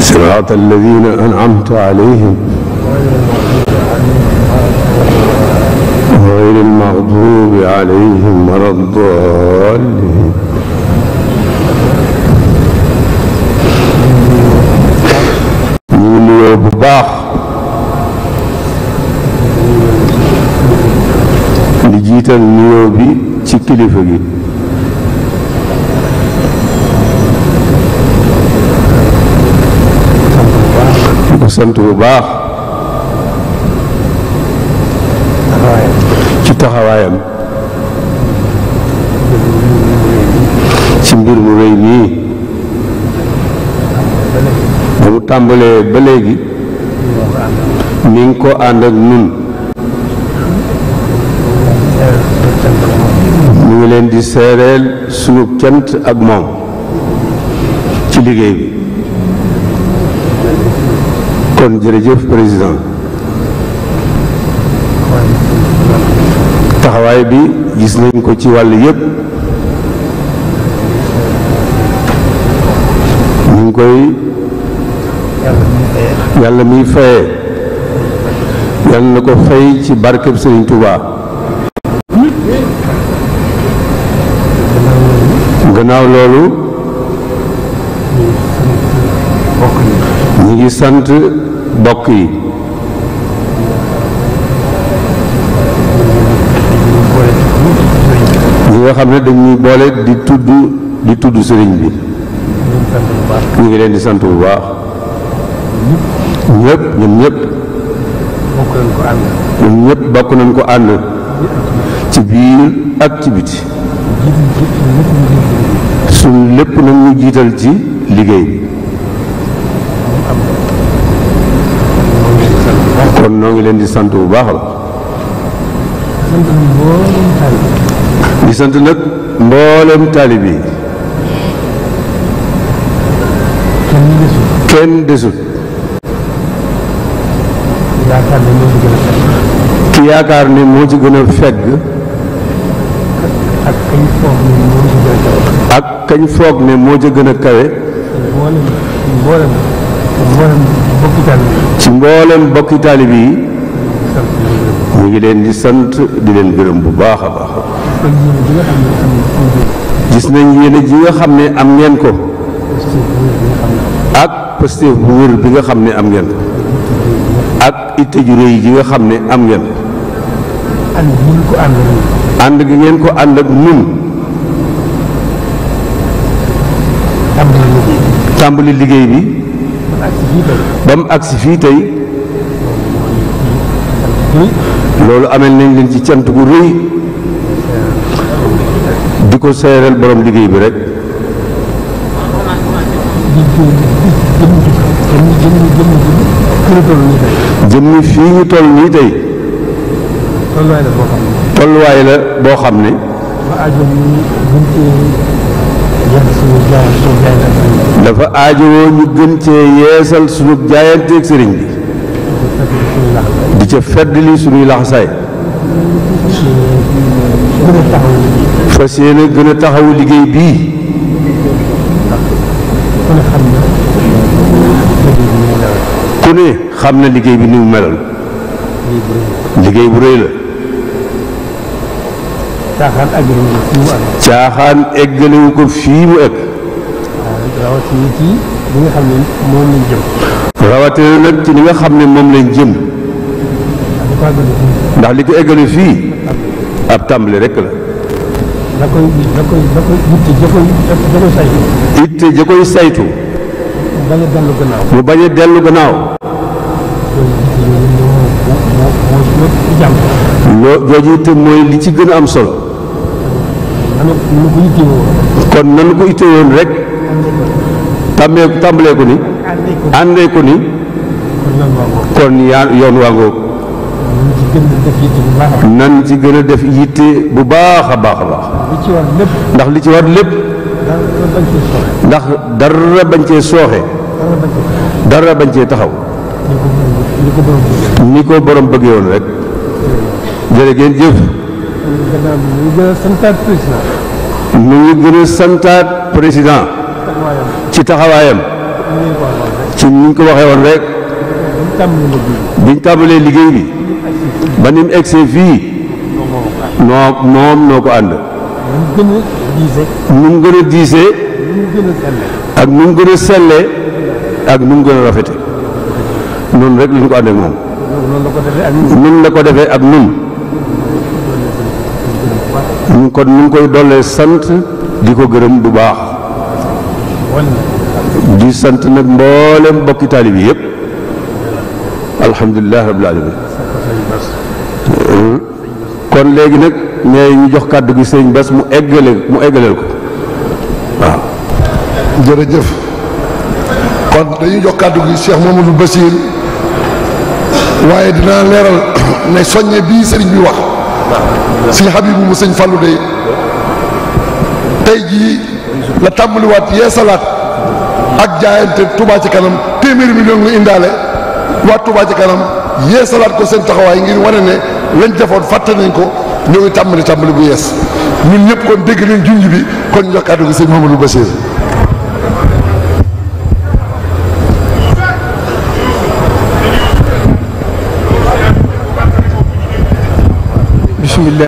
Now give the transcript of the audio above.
صراط الذين أنعمت عليهم غير المغضوب عليهم ولا الضالين ñu nuyoo bu baax di jiital nuyoo bi ci kilifa gi sant bu baax ci taxawaayam ci mbir mu rëy nii ba mu tàmbalee ba léegi mi ngi ko ànd ak nun mu ngi leen di seereel sunu cant ak moom ci liggéey bi kon jërëjëf président taxawaay bi gis nañ ko ci wàll yépp ñu ngi koy yàlla muy faye yàlla na ko fay ci barkeb Sëriñ Tuubaa gannaaw loolu ñu ngi sant bokk yi ñi nga xam ne dañuy boole di tudd di tudd sëriñ bi ñu ngi leen di sant bu baax ñëpp ñoom ñëpp ñoom bokk nañ ko ànd ci biir ak ci biti suñ lépp nag jiital ci liggéey bi kon noo ngi leen di sant bu baax di sant nag mboolem taalib yi kenn desut ki yaakaar ne moo ci gën a fegg ak kañ foog ne moo ci gën a kawe ci mboolem bokki taalib yi ñu ngi leen di sant di leen gërëm bu baax a baax gis nañ yéene ji nga xam ne am ngeen ko ak pastéef bu wër bi nga xam ne am ngeen ak itte ju rëy ji nga xam ne am ngeen ànd gi ngeen ko ànd ak nun tàmbali liggéey bi ba mu agsi fii tey loolu amel nañ leen ci cant gu rëy di ko seereel borom liggéey bi rek jëmmi fii ñu toll nii tey tolluwaay la boo xam ne dafa aajowoo ñu gën cee yeesal sunu jaayanteeg sëriñ bi di ca fedd li sunuy laxasaay fas yéene gën a taxawu liggéey bii ku ne xam na liggéey bi ni mu liggéey bu rëy la caaxaan eggaliwu ko fii mu egg. rawatina ci li nga xam ne moom lañ jëm. rawatina nag ci li nga xam ne moom lañ jëm. ndax li ko eggale fii. ab tàmbali rek la. da koy da saytu. mu bañ a dellu gannaaw. mu bañ dellu gannaaw. loo jooju itte mooy li ci gën a am solo. kon nanu ko ittee woon rek tàmbee tàmbleeku ni àndee ni kon yaa yoon waa nan ci gën a def yitte bu baax a baax a baax ndax li ci war lépp ndax dara bañ cee sooxe dara bañ cee taxaw ni ko borom bëggee woon rek jërë ngeen jëf gannaaw bi ñu ngi gën santaat président. ci taxawaayam. ci ni ñu ko waxee woon rek. biñ tàmbalee liggéey bi. ba ni mu egsee fii. noo moom noo ko ànd. nu mu gën a diisee. ak nu mu gën a sellee. ak nu mu gën rafete noonu rek lu ñu ko àndee moom. noonu la ko defee ak nun kon ñu ngi koy dollee sant di ko gërëm bu baax di sant nag mboolem bokki taalib yi yëpp alhamdulilah rabbil alamin kon léegi nag nee ñu jox kàddu gi sëñ Bass mu eggale mu eggaleel ko waaw. jërëjëf kon dañuy jox kàddu gi Cheikh Mamadou Bassir waaye dinaa leeral ne soññe bii sëriñ bi wax. si Habibu mu sëñ Fallou de tey jii la tàmbaliwaat yeesalaat ak jaayante Touba ci kanam téeméeri million la indaale waa tuubaa ci kanam yeesalaat ko seen taxawaay ngir wane ne lañ defoon fàtte nañ ko ñoo ngi tàmbali tàmbali bu yees ñun ñëpp kon dégg nañ junj bi kon ñu jox kàddu gi sëñ Mamadou alhamdulilah